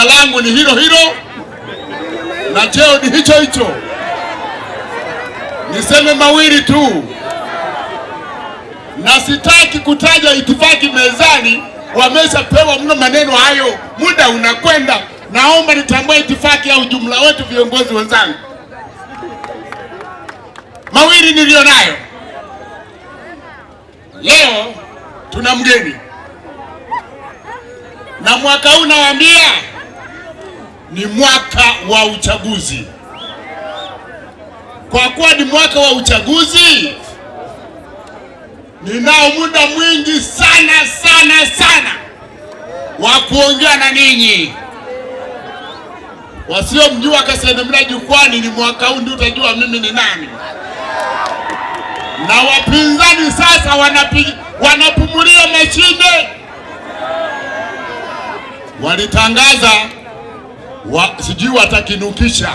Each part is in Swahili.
jina langu ni hilo hilo na cheo ni hicho hicho. Niseme mawili tu, na sitaki kutaja itifaki mezani, wameshapewa mno maneno hayo, muda unakwenda. Naomba nitambue itifaki ya ujumla wetu, viongozi wenzangu. Mawili niliyo nayo leo, tuna mgeni na mwaka huu nawaambia ni mwaka wa uchaguzi. Kwa kuwa ni mwaka wa uchaguzi, ninao muda mwingi sana sana sana wa kuongea na ninyi. Wasiomjua Kasalemela jukwani, ni mwaka huu ndio utajua mimi ni nani, na wapinzani sasa wanapi, wanapumulia mashine walitangaza wa, sijui watakinukisha.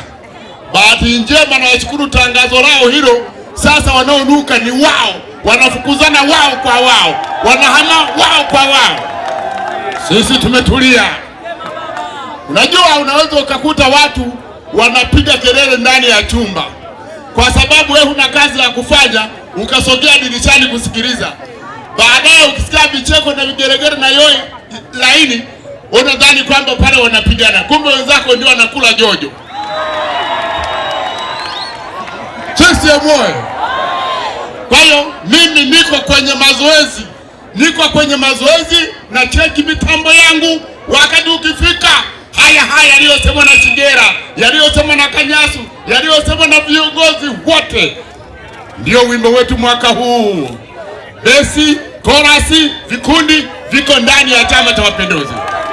Bahati njema nawashukuru tangazo lao hilo. Sasa wanaonuka ni wao, wanafukuzana wao kwa wao, wanahama wao kwa wao. Sisi tumetulia. Unajua, unaweza ukakuta watu wanapiga kelele ndani ya chumba kwa sababu wewe huna kazi ya kufanya, ukasogea dirishani kusikiliza. Baadaye ukisikia vicheko na vigeregere na yoi laini unadhani kwamba pale wanapigana, kumbe wenzako ndio wanakula jojo. Moyo. Kwa hiyo mimi niko kwenye mazoezi, niko kwenye mazoezi na cheki mitambo yangu. Wakati ukifika, haya haya yaliyosemwa na sigera yaliyosemwa na Kanyasu, yaliyosemwa na viongozi wote, ndio wimbo wetu mwaka huu. Besi, korasi, vikundi viko ndani ya Chama cha Mapinduzi.